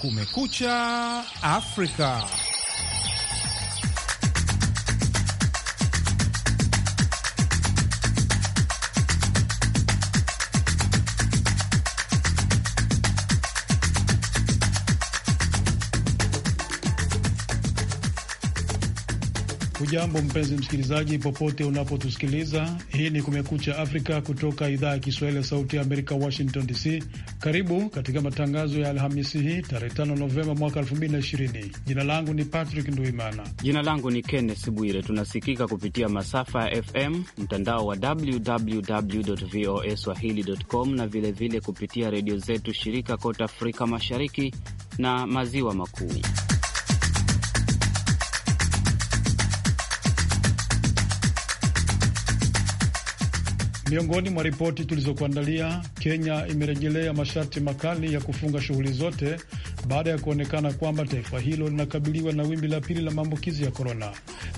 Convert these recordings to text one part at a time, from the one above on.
Kumekucha Afrika. Jambo mpenzi msikilizaji, popote unapotusikiliza. Hii ni Kumekucha Afrika kutoka idhaa ya Kiswahili ya Sauti ya Amerika, Washington DC. Karibu katika matangazo ya Alhamisi hii tarehe 5 Novemba mwaka 2020. Jina langu ni Patrick Nduimana. Jina langu ni Kenneth Bwire. Tunasikika kupitia masafa ya FM, mtandao wa www voa swahili.com na vilevile vile kupitia redio zetu shirika kote Afrika Mashariki na Maziwa Makuu. Miongoni mwa ripoti tulizokuandalia, Kenya imerejelea masharti makali ya kufunga shughuli zote baada ya kuonekana kwamba taifa hilo linakabiliwa na wimbi la pili la maambukizi ya korona.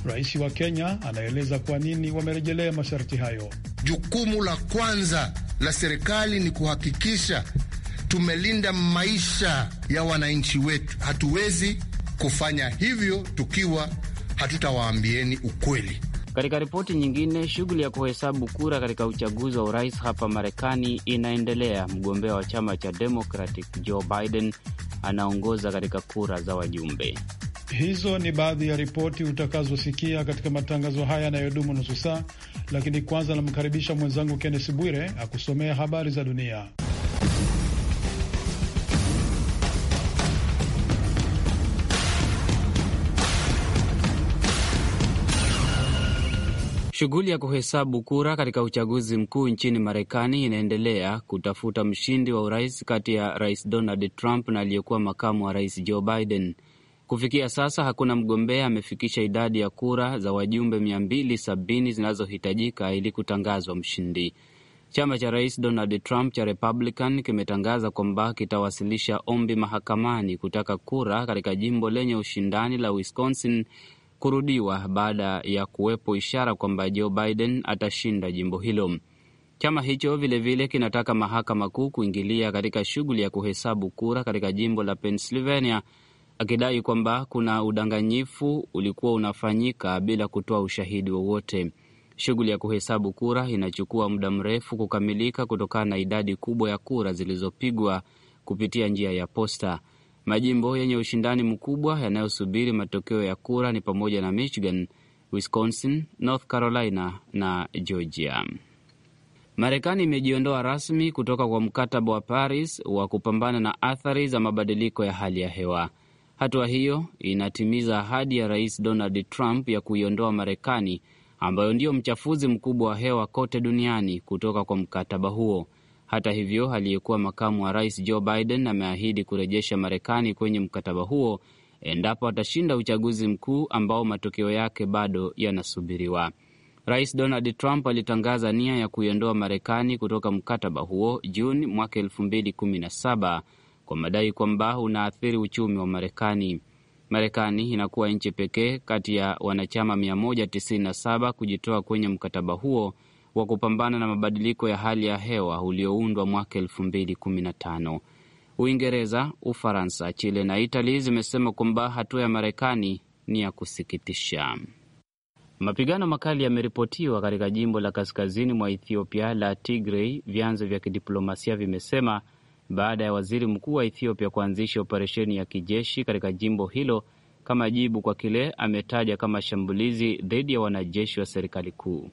Rais wa Kenya anaeleza kwa nini wamerejelea masharti hayo. Jukumu la kwanza la serikali ni kuhakikisha tumelinda maisha ya wananchi wetu. Hatuwezi kufanya hivyo tukiwa hatutawaambieni ukweli. Katika ripoti nyingine, shughuli ya kuhesabu kura katika uchaguzi wa urais hapa Marekani inaendelea. Mgombea wa chama cha Democratic Joe Biden anaongoza katika kura za wajumbe. Hizo ni baadhi ya ripoti utakazosikia katika matangazo haya yanayodumu nusu saa, lakini kwanza namkaribisha mwenzangu Kennes Bwire akusomea habari za dunia. Shughuli ya kuhesabu kura katika uchaguzi mkuu nchini Marekani inaendelea kutafuta mshindi wa urais kati ya Rais Donald Trump na aliyekuwa makamu wa rais Joe Biden. Kufikia sasa hakuna mgombea amefikisha idadi ya kura za wajumbe 270 zinazohitajika ili kutangazwa mshindi. Chama cha rais Donald Trump cha Republican kimetangaza kwamba kitawasilisha ombi mahakamani kutaka kura katika jimbo lenye ushindani la Wisconsin kurudiwa baada ya kuwepo ishara kwamba Joe Biden atashinda jimbo hilo. Chama hicho vilevile vile kinataka mahakama kuu kuingilia katika shughuli ya kuhesabu kura katika jimbo la Pennsylvania, akidai kwamba kuna udanganyifu ulikuwa unafanyika bila kutoa ushahidi wowote. Shughuli ya kuhesabu kura inachukua muda mrefu kukamilika kutokana na idadi kubwa ya kura zilizopigwa kupitia njia ya posta. Majimbo yenye ushindani mkubwa yanayosubiri matokeo ya kura ni pamoja na Michigan, Wisconsin, North Carolina na Georgia. Marekani imejiondoa rasmi kutoka kwa mkataba wa Paris wa kupambana na athari za mabadiliko ya hali ya hewa. Hatua hiyo inatimiza ahadi ya Rais Donald Trump ya kuiondoa Marekani, ambayo ndiyo mchafuzi mkubwa wa hewa kote duniani, kutoka kwa mkataba huo. Hata hivyo, aliyekuwa makamu wa rais Joe Biden ameahidi kurejesha Marekani kwenye mkataba huo endapo atashinda uchaguzi mkuu ambao matokeo yake bado yanasubiriwa. Rais Donald Trump alitangaza nia ya kuiondoa Marekani kutoka mkataba huo Juni mwaka 2017 kwa madai kwamba unaathiri uchumi wa Marekani. Marekani inakuwa nchi pekee kati ya wanachama 197 kujitoa kwenye mkataba huo wa kupambana na mabadiliko ya hali ya hewa ulioundwa mwaka elfu mbili kumi na tano. Uingereza, Ufaransa, Chile na Itali zimesema kwamba hatua ya Marekani ni ya kusikitisha. Mapigano makali yameripotiwa katika jimbo la kaskazini mwa Ethiopia la tigrey vyanzo vya kidiplomasia vimesema, baada ya waziri mkuu wa Ethiopia kuanzisha operesheni ya kijeshi katika jimbo hilo kama jibu kwa kile ametaja kama shambulizi dhidi ya wanajeshi wa serikali kuu.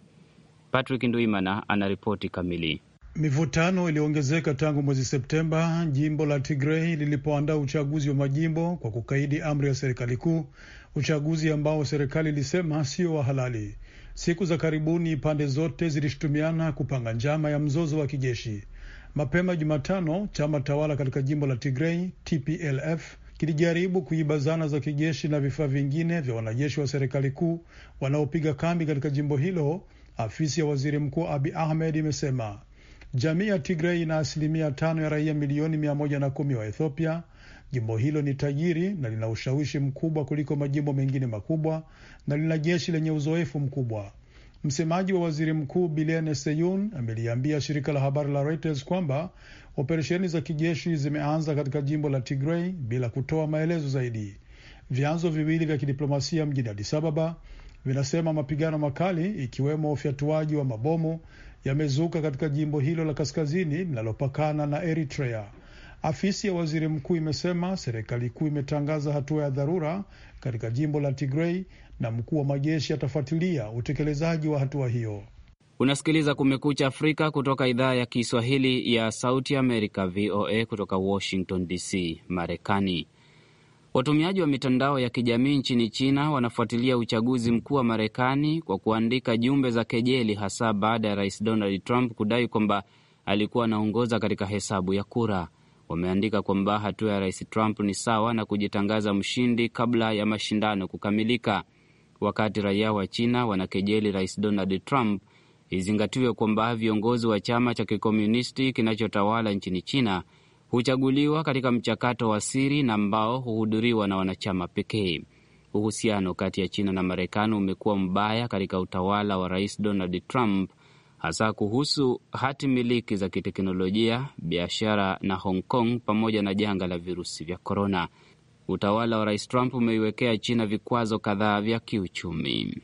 Patrick Ndwimana anaripoti kamili. Mivutano iliongezeka tangu mwezi Septemba jimbo la Tigrei lilipoandaa uchaguzi wa majimbo kwa kukaidi amri ya serikali kuu, uchaguzi ambao serikali ilisema sio wa halali. Siku za karibuni pande zote zilishutumiana kupanga njama ya mzozo wa kijeshi. Mapema Jumatano, chama tawala katika jimbo la Tigrei, TPLF, kilijaribu kuiba zana za kijeshi na vifaa vingine vya wanajeshi wa serikali kuu wanaopiga kambi katika jimbo hilo Afisi ya waziri mkuu Abi Ahmed imesema jamii ya Tigrei ina asilimia tano ya raia milioni mia moja na kumi wa Ethiopia. Jimbo hilo ni tajiri na lina ushawishi mkubwa kuliko majimbo mengine makubwa na lina jeshi lenye uzoefu mkubwa. Msemaji wa waziri mkuu Bilene Seyun ameliambia shirika la habari la Reuters kwamba operesheni za kijeshi zimeanza katika jimbo la Tigrei bila kutoa maelezo zaidi. Vyanzo viwili vya kidiplomasia mjini adisababa vinasema mapigano makali ikiwemo ufyatuaji wa mabomu yamezuka katika jimbo hilo la kaskazini linalopakana na Eritrea. Afisi ya waziri mkuu imesema serikali kuu imetangaza hatua ya dharura katika jimbo la Tigrei na mkuu wa majeshi atafuatilia utekelezaji wa hatua hiyo. Unasikiliza Kumekucha Afrika kutoka idhaa ya Kiswahili ya Sauti Amerika, VOA, kutoka Washington DC, Marekani. Watumiaji wa mitandao ya kijamii nchini China wanafuatilia uchaguzi mkuu wa Marekani kwa kuandika jumbe za kejeli, hasa baada ya rais Donald Trump kudai kwamba alikuwa anaongoza katika hesabu ya kura. Wameandika kwamba hatua ya rais Trump ni sawa na kujitangaza mshindi kabla ya mashindano kukamilika. Wakati raia wa China wanakejeli rais Donald Trump, izingatiwe kwamba viongozi wa chama cha kikomunisti kinachotawala nchini China huchaguliwa katika mchakato wa siri na ambao huhudhuriwa na wanachama pekee. Uhusiano kati ya China na Marekani umekuwa mbaya katika utawala wa Rais Donald Trump, hasa kuhusu hati miliki za kiteknolojia, biashara na Hong Kong, pamoja na janga la virusi vya korona. Utawala wa Rais Trump umeiwekea China vikwazo kadhaa vya kiuchumi.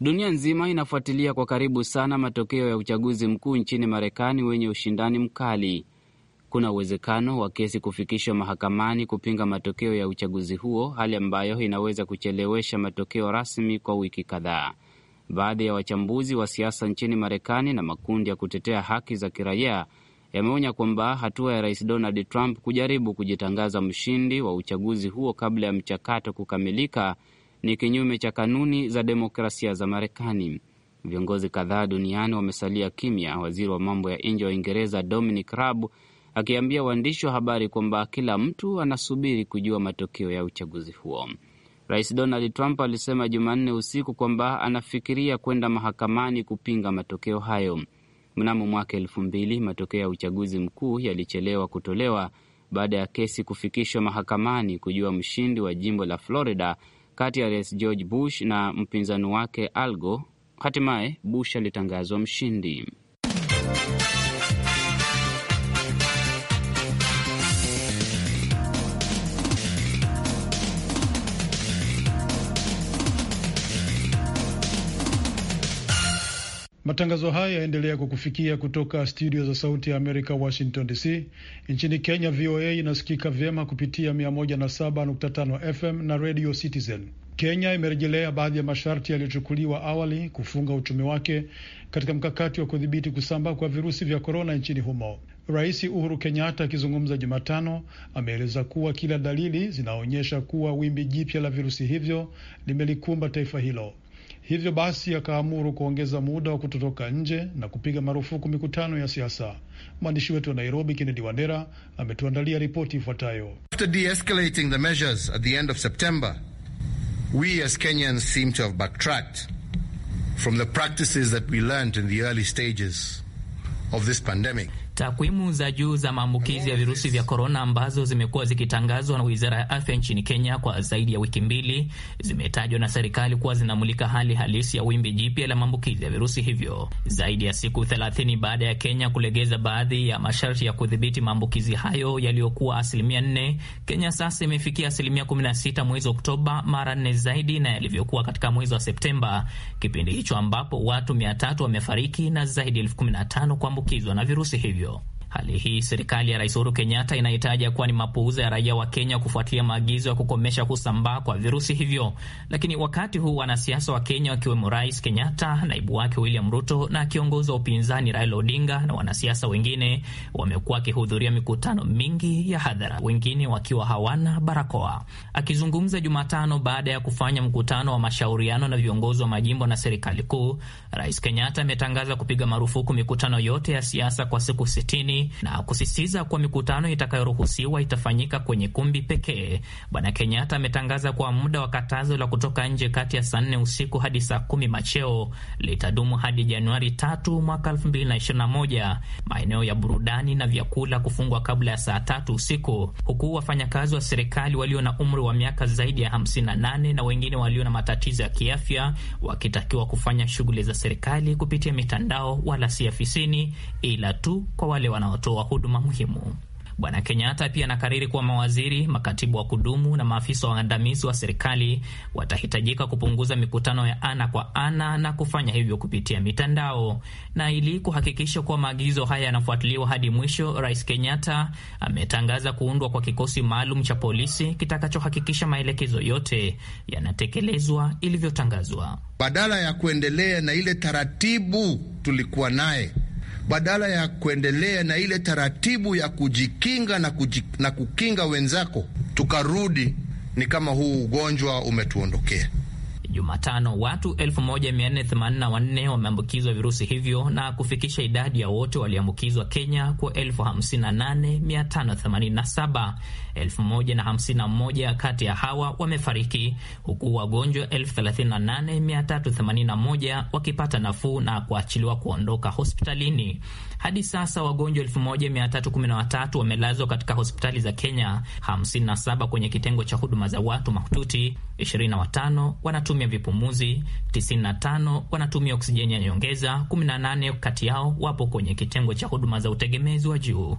Dunia nzima inafuatilia kwa karibu sana matokeo ya uchaguzi mkuu nchini Marekani wenye ushindani mkali hakuna uwezekano wa kesi kufikishwa mahakamani kupinga matokeo ya uchaguzi huo, hali ambayo inaweza kuchelewesha matokeo rasmi kwa wiki kadhaa. Baadhi ya wachambuzi wa siasa nchini Marekani na makundi ya kutetea haki za kiraia yameonya kwamba hatua ya rais Donald Trump kujaribu kujitangaza mshindi wa uchaguzi huo kabla ya mchakato kukamilika ni kinyume cha kanuni za demokrasia za Marekani. Viongozi kadhaa duniani wamesalia kimya. Waziri wa mambo ya nje wa Uingereza Dominic Raab akiambia waandishi wa habari kwamba kila mtu anasubiri kujua matokeo ya uchaguzi huo. Rais Donald Trump alisema Jumanne usiku kwamba anafikiria kwenda mahakamani kupinga matokeo hayo. Mnamo mwaka elfu mbili matokeo ya uchaguzi mkuu yalichelewa kutolewa baada ya kesi kufikishwa mahakamani kujua mshindi wa jimbo la Florida kati ya rais George Bush na mpinzani wake algo Hatimaye Bush alitangazwa mshindi. Matangazo haya yaendelea kukufikia kutoka studio za Sauti ya Amerika, Washington DC. Nchini Kenya, VOA inasikika vyema kupitia 107.5 FM na Radio Citizen. Kenya imerejelea baadhi ya masharti yaliyochukuliwa awali kufunga uchumi wake katika mkakati wa kudhibiti kusambaa kwa virusi vya korona nchini humo. Rais Uhuru Kenyatta akizungumza Jumatano ameeleza kuwa kila dalili zinaonyesha kuwa wimbi jipya la virusi hivyo limelikumba taifa hilo hivyo basi akaamuru kuongeza muda wa kutotoka nje na kupiga marufuku mikutano ya siasa. Mwandishi wetu wa Nairobi, Kennedy Wandera, ametuandalia ripoti ifuatayo. After de-escalating the measures at the end of September, we as Kenyans seem to have backtracked from the practices that we learned in the early stages of this pandemic. Takwimu za juu za maambukizi ya virusi vya korona ambazo zimekuwa zikitangazwa na wizara ya afya nchini Kenya kwa zaidi ya wiki mbili zimetajwa na serikali kuwa zinamulika hali halisi ya wimbi jipya la maambukizi ya virusi hivyo, zaidi ya siku 30 baada ya Kenya kulegeza baadhi ya masharti ya kudhibiti maambukizi hayo yaliyokuwa asilimia 4. Kenya sasa imefikia asilimia 16 mwezi Oktoba, mara nne zaidi na yalivyokuwa katika mwezi wa Septemba, kipindi hicho ambapo watu 300 wamefariki na zaidi ya elfu 15 kuambukizwa na virusi hivyo. You. Hali hii serikali ya Rais Uhuru Kenyatta inahitaja kuwa ni mapuuza ya raia wa Kenya kufuatilia maagizo ya kukomesha kusambaa kwa virusi hivyo. Lakini wakati huu wanasiasa wa Kenya wakiwemo Rais Kenyatta, naibu wake William Ruto na kiongozi wa upinzani Raila Odinga na wanasiasa wengine wamekuwa wakihudhuria mikutano mingi ya hadhara, wengine wakiwa hawana barakoa. Akizungumza Jumatano baada ya kufanya mkutano wa mashauriano na viongozi wa majimbo na serikali kuu, Rais Kenyatta ametangaza kupiga marufuku mikutano yote ya siasa kwa siku sitini na kusisitiza kuwa mikutano itakayoruhusiwa itafanyika kwenye kumbi pekee. Bwana Kenyatta ametangaza kuwa muda wa katazo la kutoka nje kati ya saa nne usiku hadi saa kumi macheo litadumu hadi Januari tatu mwaka elfu mbili na ishirini na moja. Maeneo ya burudani na vyakula kufungwa kabla ya saa tatu usiku, huku wafanyakazi wa serikali walio na umri wa miaka zaidi ya 58 na wengine walio na matatizo ya kiafya wakitakiwa kufanya shughuli za serikali kupitia mitandao, wala si afisini, ila tu kwa wale wanao wanaotoa huduma muhimu. Bwana Kenyatta pia anakariri kuwa mawaziri, makatibu wa kudumu na maafisa waandamizi wa serikali watahitajika kupunguza mikutano ya ana kwa ana na kufanya hivyo kupitia mitandao. Na ili kuhakikisha kuwa maagizo haya yanafuatiliwa hadi mwisho, Rais Kenyatta ametangaza kuundwa kwa kikosi maalum cha polisi kitakachohakikisha maelekezo yote yanatekelezwa ilivyotangazwa, badala ya kuendelea na ile taratibu tulikuwa naye badala ya kuendelea na ile taratibu ya kujikinga na, kuji, na kukinga wenzako, tukarudi ni kama huu ugonjwa umetuondokea. Jumatano watu 1484 wameambukizwa virusi hivyo na kufikisha idadi ya wote waliambukizwa Kenya kwa 58587. 1051 kati ya hawa wamefariki, huku wagonjwa 38381 wakipata nafuu na kuachiliwa kuondoka hospitalini. Hadi sasa wagonjwa 1313 wamelazwa katika hospitali za Kenya, 57 kwenye kitengo cha huduma za watu mahututi, 25 wanatumia wengine vipumuzi 95 wanatumia oksijeni ya nyongeza, 18 kati yao wapo kwenye kitengo cha huduma za utegemezi wa juu.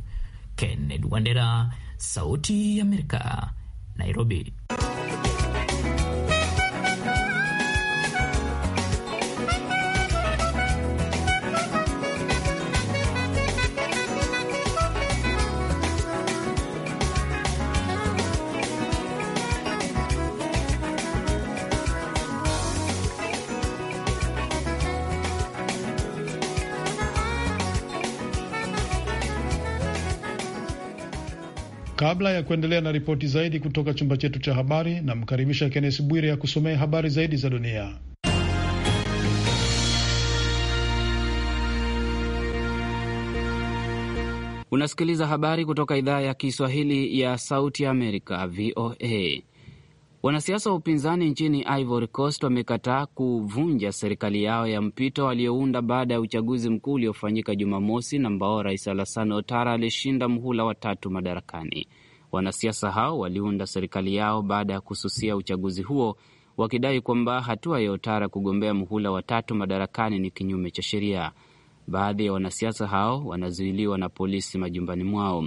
kenned Wandera, Sauti ya Amerika, Nairobi. Kabla ya kuendelea na ripoti zaidi kutoka chumba chetu cha habari, namkaribisha Kennes Bwire ya kusomea habari zaidi za dunia. Unasikiliza habari kutoka idhaa ya Kiswahili ya Sauti ya Amerika, VOA. Wanasiasa wa upinzani nchini Ivory Coast wamekataa kuvunja serikali yao ya mpito waliounda baada ya uchaguzi mkuu uliofanyika Jumamosi na ambao Rais Alassane Ouattara alishinda mhula wa tatu madarakani. Wanasiasa hao waliunda serikali yao baada ya kususia uchaguzi huo wakidai kwamba hatua ya Ouattara kugombea mhula wa tatu madarakani ni kinyume cha sheria. Baadhi ya wanasiasa hao wanazuiliwa na polisi majumbani mwao.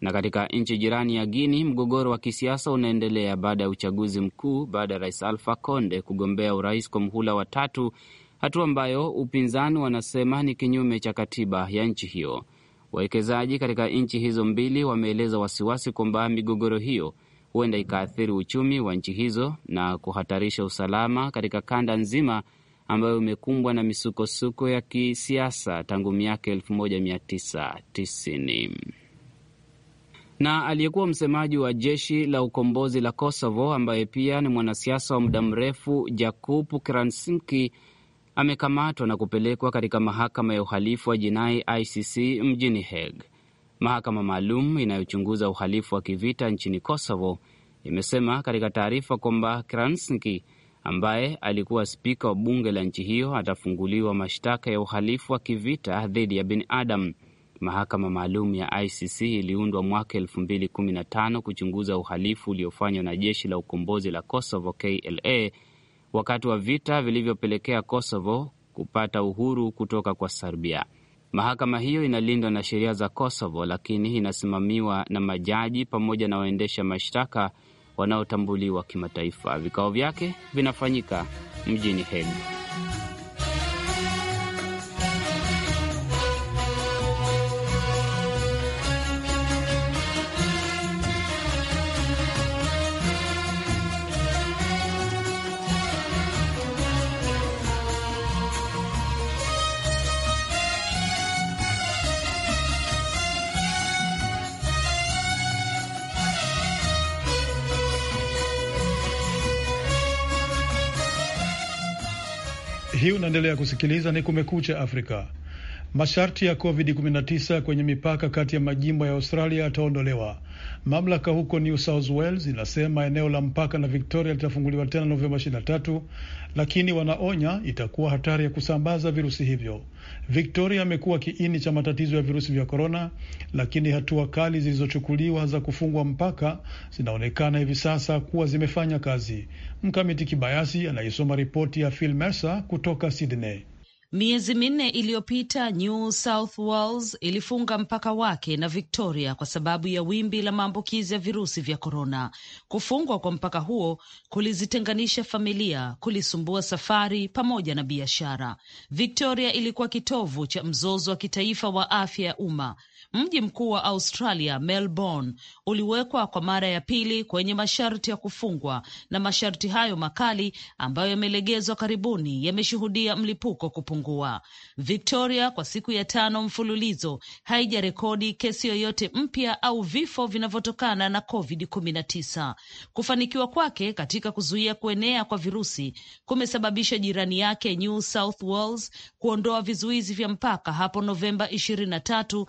Na katika nchi jirani ya Guini, mgogoro wa kisiasa unaendelea baada ya uchaguzi mkuu, baada ya rais Alfa Conde kugombea urais kwa mhula wa tatu, hatua ambayo upinzani wanasema ni kinyume cha katiba ya nchi hiyo. Wawekezaji katika nchi hizo mbili wameeleza wasiwasi kwamba migogoro hiyo huenda ikaathiri uchumi wa nchi hizo na kuhatarisha usalama katika kanda nzima ambayo imekumbwa na misukosuko ya kisiasa tangu miaka 1990 na aliyekuwa msemaji wa jeshi la ukombozi la Kosovo ambaye pia ni mwanasiasa wa muda mrefu Jakub kransinki amekamatwa na kupelekwa katika mahakama ya uhalifu wa jinai ICC mjini Hague. Mahakama maalum inayochunguza uhalifu wa kivita nchini Kosovo imesema katika taarifa kwamba Kransinki ambaye alikuwa spika wa bunge la nchi hiyo atafunguliwa mashtaka ya uhalifu wa kivita dhidi ya binadamu. Mahakama maalum ya ICC iliundwa mwaka 215 kuchunguza uhalifu uliofanywa na jeshi la ukombozi la Kosovo KLA wakati wa vita vilivyopelekea Kosovo kupata uhuru kutoka kwa Serbia. Mahakama hiyo inalindwa na sheria za Kosovo, lakini inasimamiwa na majaji pamoja na waendesha mashtaka wanaotambuliwa kimataifa. Vikao vyake vinafanyika mjini Hague. Hii unaendelea kusikiliza ni Kumekucha Afrika. Masharti ya COVID-19 kwenye mipaka kati ya majimbo ya Australia yataondolewa. Mamlaka huko New South Wales inasema eneo la mpaka na Victoria litafunguliwa tena Novemba 23, lakini wanaonya itakuwa hatari ya kusambaza virusi hivyo. Victoria amekuwa kiini cha matatizo ya virusi vya korona, lakini hatua kali zilizochukuliwa za kufungwa mpaka zinaonekana hivi sasa kuwa zimefanya kazi. Mkamiti Kibayasi anaisoma ripoti ya Phil Mercer kutoka Sydney. Miezi minne iliyopita New South Wales ilifunga mpaka wake na Victoria kwa sababu ya wimbi la maambukizi ya virusi vya korona. Kufungwa kwa mpaka huo kulizitenganisha familia, kulisumbua safari pamoja na biashara. Victoria ilikuwa kitovu cha mzozo wa kitaifa wa afya ya umma Mji mkuu wa Australia, Melbourne, uliwekwa kwa mara ya pili kwenye masharti ya kufungwa, na masharti hayo makali ambayo yamelegezwa karibuni yameshuhudia mlipuko kupungua. Victoria kwa siku ya tano mfululizo haijarekodi kesi yoyote mpya au vifo vinavyotokana na COVID-19. Kufanikiwa kwake katika kuzuia kuenea kwa virusi kumesababisha jirani yake New South Wales kuondoa vizuizi vya mpaka hapo Novemba 23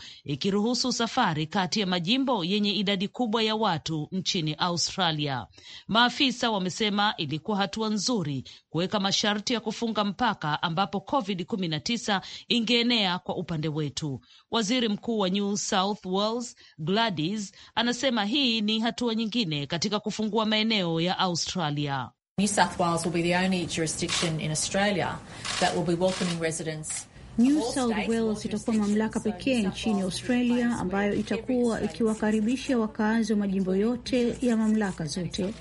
ikiruhusu safari kati ya majimbo yenye idadi kubwa ya watu nchini Australia. Maafisa wamesema ilikuwa hatua nzuri kuweka masharti ya kufunga mpaka ambapo COVID-19 ingeenea kwa upande wetu. Waziri Mkuu wa New South Wales Gladys anasema hii ni hatua nyingine katika kufungua maeneo ya Australia. New South Wales will be the only jurisdiction in Australia that will be welcoming residents New South Wales itakuwa mamlaka pekee nchini Australia ambayo itakuwa ikiwakaribisha wakazi wa majimbo yote ya mamlaka zote.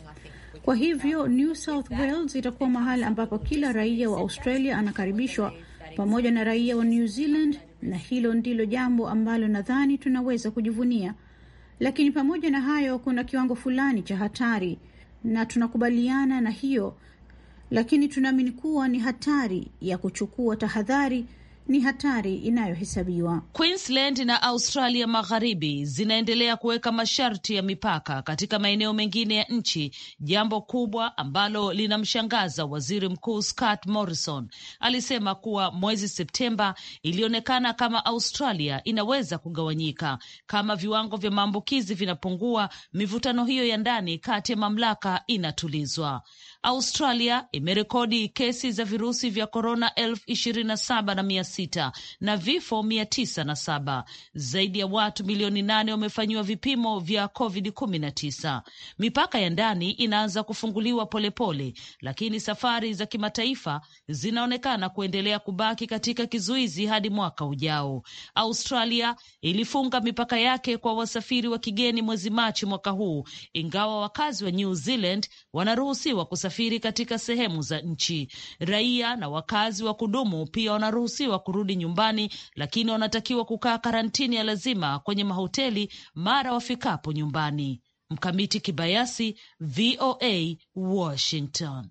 Kwa hivyo New South Wales itakuwa mahali ambapo kila raia wa Australia anakaribishwa pamoja na raia wa New Zealand, na hilo ndilo jambo ambalo nadhani tunaweza kujivunia. Lakini pamoja na hayo, kuna kiwango fulani cha hatari, na tunakubaliana na hiyo, lakini tunaamini kuwa ni hatari ya kuchukua tahadhari ni hatari inayohesabiwa. Queensland na Australia Magharibi zinaendelea kuweka masharti ya mipaka katika maeneo mengine ya nchi, jambo kubwa ambalo linamshangaza waziri mkuu Scott Morrison. Alisema kuwa mwezi Septemba ilionekana kama Australia inaweza kugawanyika kama viwango vya maambukizi vinapungua, mivutano hiyo ya ndani kati ya mamlaka inatulizwa. Australia imerekodi kesi za virusi vya korona elfu ishirini na saba na mia sita na vifo mia tisa na saba. Zaidi ya watu milioni nane wamefanyiwa vipimo vya covid 19 Mipaka ya ndani inaanza kufunguliwa polepole pole, lakini safari za kimataifa zinaonekana kuendelea kubaki katika kizuizi hadi mwaka ujao. Australia ilifunga mipaka yake kwa wasafiri wa kigeni mwezi Machi mwaka huu, ingawa wakazi wa New Zealand wanaruhusiwa kusafiri katika sehemu za nchi. Raia na wakazi wa kudumu pia wanaruhusiwa kurudi nyumbani, lakini wanatakiwa kukaa karantini ya lazima kwenye mahoteli mara wafikapo nyumbani. Mkamiti Kibayasi, VOA, Washington.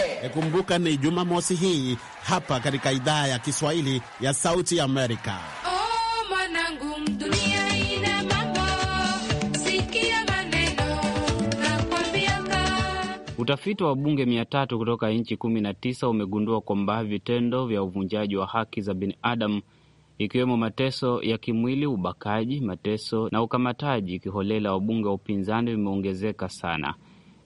wake. Kumbuka ni Jumamosi hii hapa katika idhaa ya Kiswahili ya Sauti Amerika. Oh, Utafiti wa wabunge mia tatu kutoka nchi kumi na tisa umegundua kwamba vitendo vya uvunjaji wa haki za binadamu ikiwemo mateso ya kimwili, ubakaji, mateso na ukamataji kiholela wabunge wa upinzani vimeongezeka sana.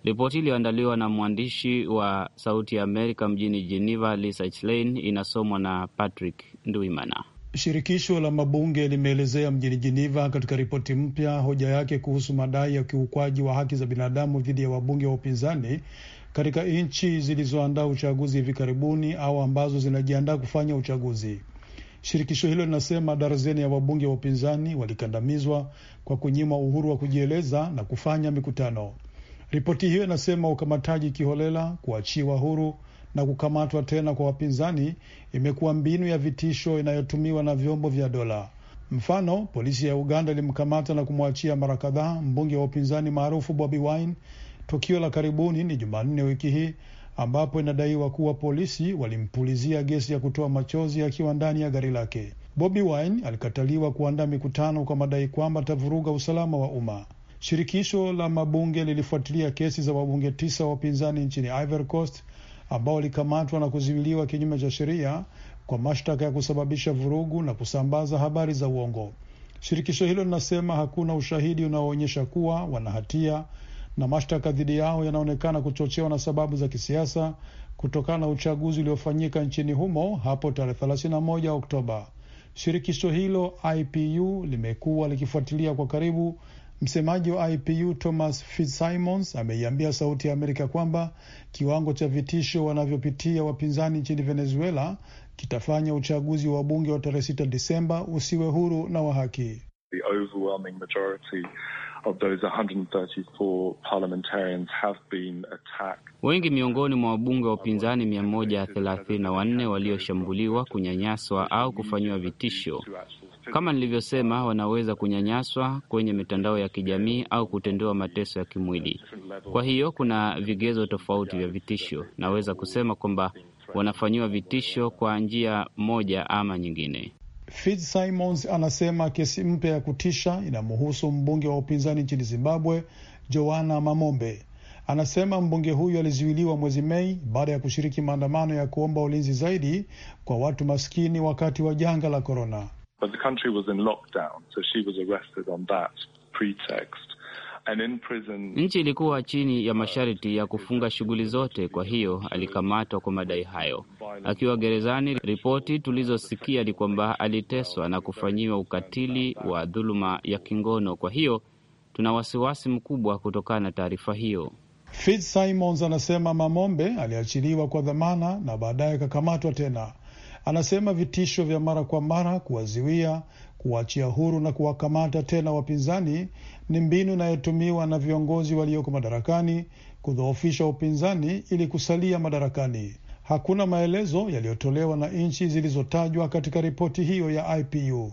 Ripoti iliyoandaliwa na mwandishi wa Sauti ya Amerika mjini Geneva, Lisa Schlein, inasomwa na Patrick Nduimana. Shirikisho la mabunge limeelezea mjini Geneva katika ripoti mpya hoja yake kuhusu madai ya ukiukwaji wa haki za binadamu dhidi ya wabunge wa upinzani katika nchi zilizoandaa uchaguzi hivi karibuni au ambazo zinajiandaa kufanya uchaguzi. Shirikisho hilo linasema darzeni ya wabunge wa upinzani walikandamizwa kwa kunyimwa uhuru wa kujieleza na kufanya mikutano. Ripoti hiyo inasema ukamataji kiholela, kuachiwa huru na kukamatwa tena kwa wapinzani imekuwa mbinu ya vitisho inayotumiwa na vyombo vya dola. Mfano, polisi ya Uganda ilimkamata na kumwachia mara kadhaa mbunge wa upinzani maarufu Bobi Wine. Tukio la karibuni ni Jumanne wiki hii ambapo inadaiwa kuwa polisi walimpulizia gesi ya kutoa machozi akiwa ndani ya gari lake. Bobi Wine alikataliwa kuandaa mikutano kwa madai kwamba atavuruga usalama wa umma. Shirikisho la mabunge lilifuatilia kesi za wabunge tisa wa upinzani nchini Ivory Coast ambao walikamatwa na kuzuiliwa kinyume cha sheria kwa mashtaka ya kusababisha vurugu na kusambaza habari za uongo. Shirikisho hilo linasema hakuna ushahidi unaoonyesha kuwa wana hatia na mashtaka dhidi yao yanaonekana kuchochewa na sababu za kisiasa kutokana na uchaguzi uliofanyika nchini humo hapo tarehe 31 Oktoba. Shirikisho hilo IPU limekuwa likifuatilia kwa karibu Msemaji wa IPU Thomas Fitzsimons ameiambia Sauti ya Amerika kwamba kiwango cha vitisho wanavyopitia wapinzani nchini Venezuela kitafanya uchaguzi wa wabunge wa tarehe sita Disemba usiwe huru na wa haki. Wengi miongoni mwa wabunge wa upinzani mia moja thelathini na wanne walioshambuliwa, kunyanyaswa au kufanyiwa vitisho kama nilivyosema, wanaweza kunyanyaswa kwenye mitandao ya kijamii au kutendewa mateso ya kimwili. Kwa hiyo kuna vigezo tofauti vya vitisho. Naweza kusema kwamba wanafanyiwa vitisho kwa njia moja ama nyingine. Fitzsimons anasema kesi mpya ya kutisha inamhusu mbunge wa upinzani nchini Zimbabwe, Joanna Mamombe. Anasema mbunge huyu alizuiliwa mwezi Mei baada ya kushiriki maandamano ya kuomba ulinzi zaidi kwa watu maskini wakati wa janga la korona. But the country was in lockdown, so she was arrested on that pretext. And in prison... nchi ilikuwa chini ya uh, masharti ya kufunga shughuli zote, kwa hiyo alikamatwa kwa madai hayo. Akiwa gerezani, ripoti tulizosikia ni kwamba aliteswa na kufanyiwa ukatili wa dhuluma ya kingono. Kwa hiyo tuna wasiwasi mkubwa kutokana na taarifa hiyo. Fitz Simons anasema Mamombe aliachiliwa kwa dhamana na baadaye akakamatwa tena. Anasema vitisho vya mara kwa mara kuwaziwia kuwaachia huru na kuwakamata tena wapinzani ni mbinu inayotumiwa na viongozi walioko madarakani kudhoofisha upinzani ili kusalia madarakani. Hakuna maelezo yaliyotolewa na nchi zilizotajwa katika ripoti hiyo ya IPU.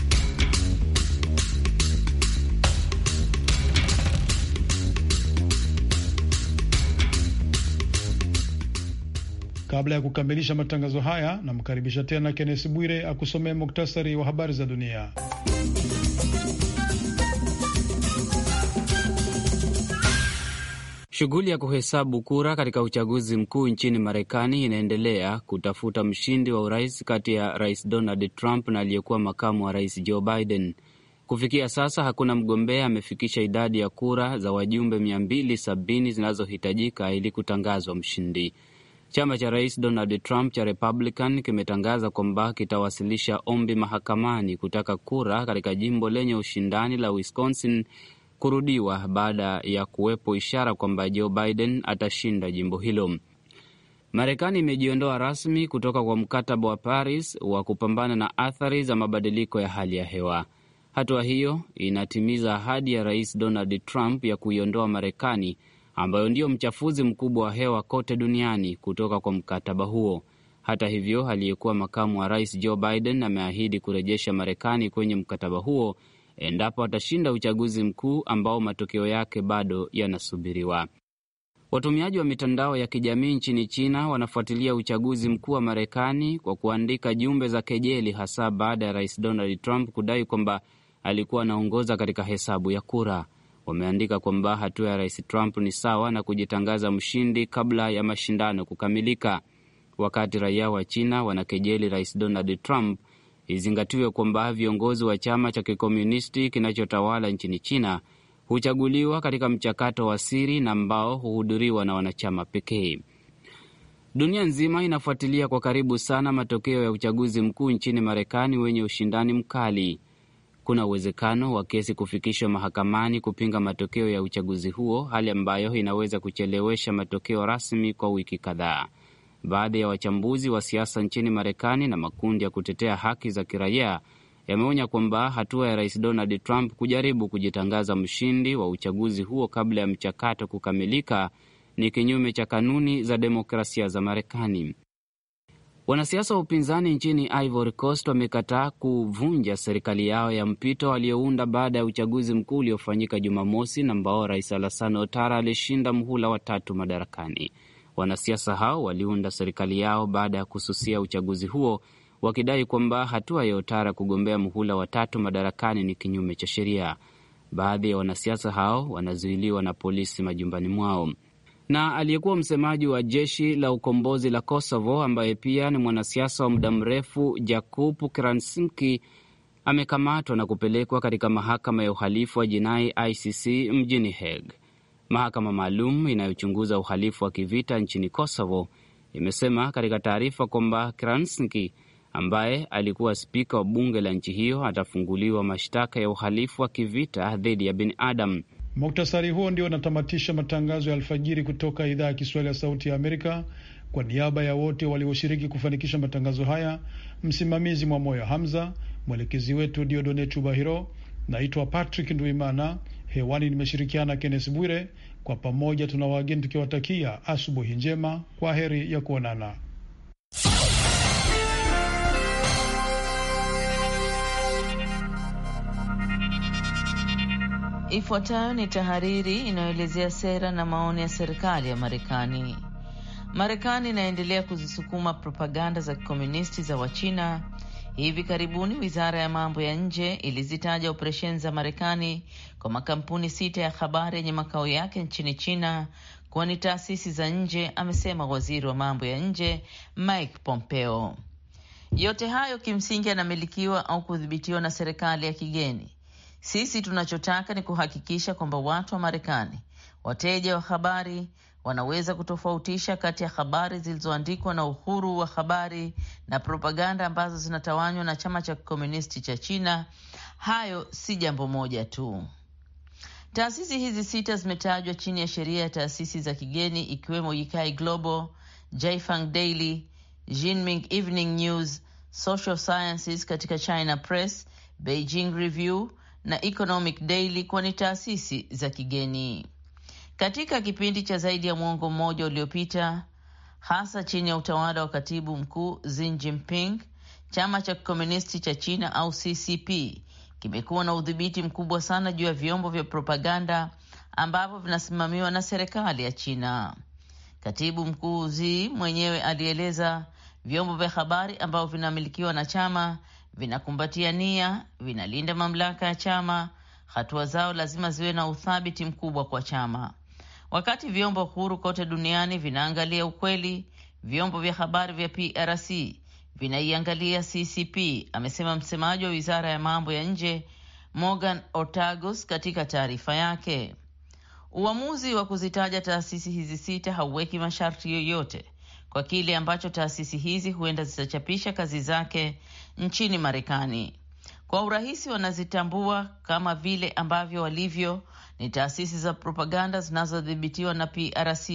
Kabla ya kukamilisha matangazo haya, namkaribisha tena Kennes Bwire akusomea muktasari wa habari za dunia. Shughuli ya kuhesabu kura katika uchaguzi mkuu nchini Marekani inaendelea kutafuta mshindi wa urais kati ya rais Donald Trump na aliyekuwa makamu wa rais Joe Biden. Kufikia sasa hakuna mgombea amefikisha idadi ya kura za wajumbe 270 zinazohitajika ili kutangazwa mshindi. Chama cha Rais Donald Trump cha Republican kimetangaza kwamba kitawasilisha ombi mahakamani kutaka kura katika jimbo lenye ushindani la Wisconsin kurudiwa baada ya kuwepo ishara kwamba Joe Biden atashinda jimbo hilo. Marekani imejiondoa rasmi kutoka kwa mkataba wa Paris wa kupambana na athari za mabadiliko ya hali ya hewa. Hatua hiyo inatimiza ahadi ya Rais Donald Trump ya kuiondoa Marekani ambayo ndiyo mchafuzi mkubwa wa hewa kote duniani kutoka kwa mkataba huo. Hata hivyo, aliyekuwa makamu wa rais Joe Biden ameahidi kurejesha Marekani kwenye mkataba huo endapo atashinda uchaguzi mkuu ambao matokeo yake bado yanasubiriwa. Watumiaji wa mitandao ya kijamii nchini China wanafuatilia uchaguzi mkuu wa Marekani kwa kuandika jumbe za kejeli, hasa baada ya rais Donald Trump kudai kwamba alikuwa anaongoza katika hesabu ya kura wameandika kwamba hatua ya rais Trump ni sawa na kujitangaza mshindi kabla ya mashindano kukamilika. Wakati raia wa China wanakejeli rais Donald Trump, izingatiwe kwamba viongozi wa chama cha kikomunisti kinachotawala nchini China huchaguliwa katika mchakato wa siri na ambao huhudhuriwa na wanachama pekee. Dunia nzima inafuatilia kwa karibu sana matokeo ya uchaguzi mkuu nchini Marekani wenye ushindani mkali kuna uwezekano wa kesi kufikishwa mahakamani kupinga matokeo ya uchaguzi huo, hali ambayo inaweza kuchelewesha matokeo rasmi kwa wiki kadhaa. Baadhi ya wachambuzi wa siasa nchini Marekani na makundi ya kutetea haki za kiraia yameonya kwamba hatua ya rais Donald Trump kujaribu kujitangaza mshindi wa uchaguzi huo kabla ya mchakato kukamilika ni kinyume cha kanuni za demokrasia za Marekani. Wanasiasa wa upinzani nchini Ivory Coast wamekataa kuvunja serikali yao ya mpito waliounda baada ya uchaguzi mkuu uliofanyika Jumamosi na ambao Rais Alassane Ouattara alishinda mhula wa tatu madarakani. Wanasiasa hao waliunda serikali yao baada ya kususia uchaguzi huo wakidai kwamba hatua ya Ouattara kugombea mhula wa tatu madarakani ni kinyume cha sheria. Baadhi ya wanasiasa hao wanazuiliwa na polisi majumbani mwao na aliyekuwa msemaji wa jeshi la ukombozi la Kosovo ambaye pia ni mwanasiasa wa muda mrefu Jakub kransinki amekamatwa na kupelekwa katika mahakama ya uhalifu wa jinai ICC mjini Hague. Mahakama maalum inayochunguza uhalifu wa kivita nchini Kosovo imesema katika taarifa kwamba Kransinski ambaye alikuwa spika wa bunge la nchi hiyo atafunguliwa mashtaka ya uhalifu wa kivita dhidi ya binadamu. Muktasari huo ndio unatamatisha matangazo ya alfajiri kutoka idhaa ya Kiswahili ya Sauti ya Amerika. Kwa niaba ya wote walioshiriki kufanikisha matangazo haya, msimamizi mwa moyo Hamza, mwelekezi wetu Diodone Chubahiro. Naitwa Patrick Nduimana, hewani nimeshirikiana Kennes Bwire. Kwa pamoja tuna wageni tukiwatakia asubuhi njema. Kwa heri ya kuonana. Ifuatayo ni tahariri inayoelezea sera na maoni ya serikali ya Marekani. Marekani inaendelea kuzisukuma propaganda za kikomunisti za Wachina. Hivi karibuni wizara ya mambo ya nje ilizitaja operesheni za Marekani kwa makampuni sita ya habari yenye makao yake nchini China kuwa ni taasisi za nje, amesema waziri wa mambo ya nje Mike Pompeo. Yote hayo kimsingi yanamilikiwa au kudhibitiwa na serikali ya kigeni sisi tunachotaka ni kuhakikisha kwamba watu wa Marekani, wateja wa habari, wanaweza kutofautisha kati ya habari zilizoandikwa na uhuru wa habari na propaganda ambazo zinatawanywa na chama cha kikomunisti cha China. Hayo si jambo moja tu. Taasisi hizi sita zimetajwa chini ya sheria ya taasisi za kigeni ikiwemo Yikai Global, Jaifang Daily, Jinming Evening News, Social Sciences katika China Press, Beijing Review, na Economic Daily kuwa ni taasisi za kigeni. Katika kipindi cha zaidi ya mwongo mmoja uliopita, hasa chini ya utawala wa katibu mkuu Xi Jinping, chama cha kikomunisti cha China au CCP kimekuwa na udhibiti mkubwa sana juu ya vyombo vya propaganda ambavyo vinasimamiwa na serikali ya China. Katibu mkuu Xi mwenyewe alieleza vyombo vya habari ambavyo vinamilikiwa na chama vinakumbatia nia, vinalinda mamlaka ya chama. Hatua zao lazima ziwe na uthabiti mkubwa kwa chama. Wakati vyombo huru kote duniani vinaangalia ukweli, vyombo vya habari vya PRC vinaiangalia CCP, amesema msemaji wa wizara ya mambo ya nje Morgan Ortagus katika taarifa yake. Uamuzi wa kuzitaja taasisi hizi sita hauweki masharti yoyote kwa kile ambacho taasisi hizi huenda zitachapisha kazi zake nchini Marekani. Kwa urahisi wanazitambua kama vile ambavyo walivyo ni taasisi za propaganda zinazodhibitiwa na PRC.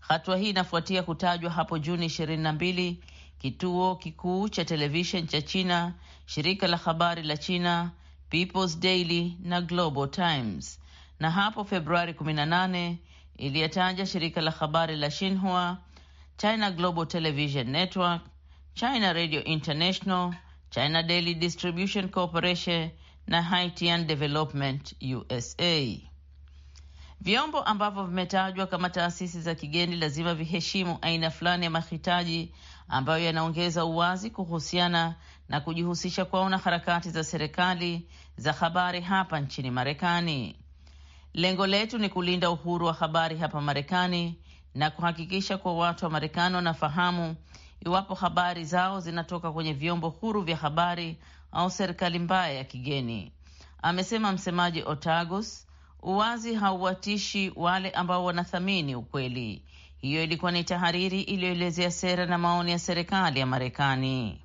Hatua hii inafuatia kutajwa hapo Juni 22 kituo kikuu cha televishen cha China, shirika la habari la China People's Daily na Global Times, na hapo Februari 18 iliyataja shirika la habari la Shinhua China Global Television Network, China Radio International, China Daily Distribution Corporation na Haitian Development USA. Vyombo ambavyo vimetajwa kama taasisi za kigeni lazima viheshimu aina fulani ya mahitaji ambayo yanaongeza uwazi kuhusiana na kujihusisha kwao na harakati za serikali za habari hapa nchini Marekani. Lengo letu ni kulinda uhuru wa habari hapa Marekani na kuhakikisha kuwa watu wa Marekani wanafahamu iwapo habari zao zinatoka kwenye vyombo huru vya habari au serikali mbaya ya kigeni, amesema msemaji Otagos. Uwazi hauwatishi wale ambao wanathamini ukweli. Hiyo ilikuwa ni tahariri iliyoelezea sera na maoni ya serikali ya Marekani.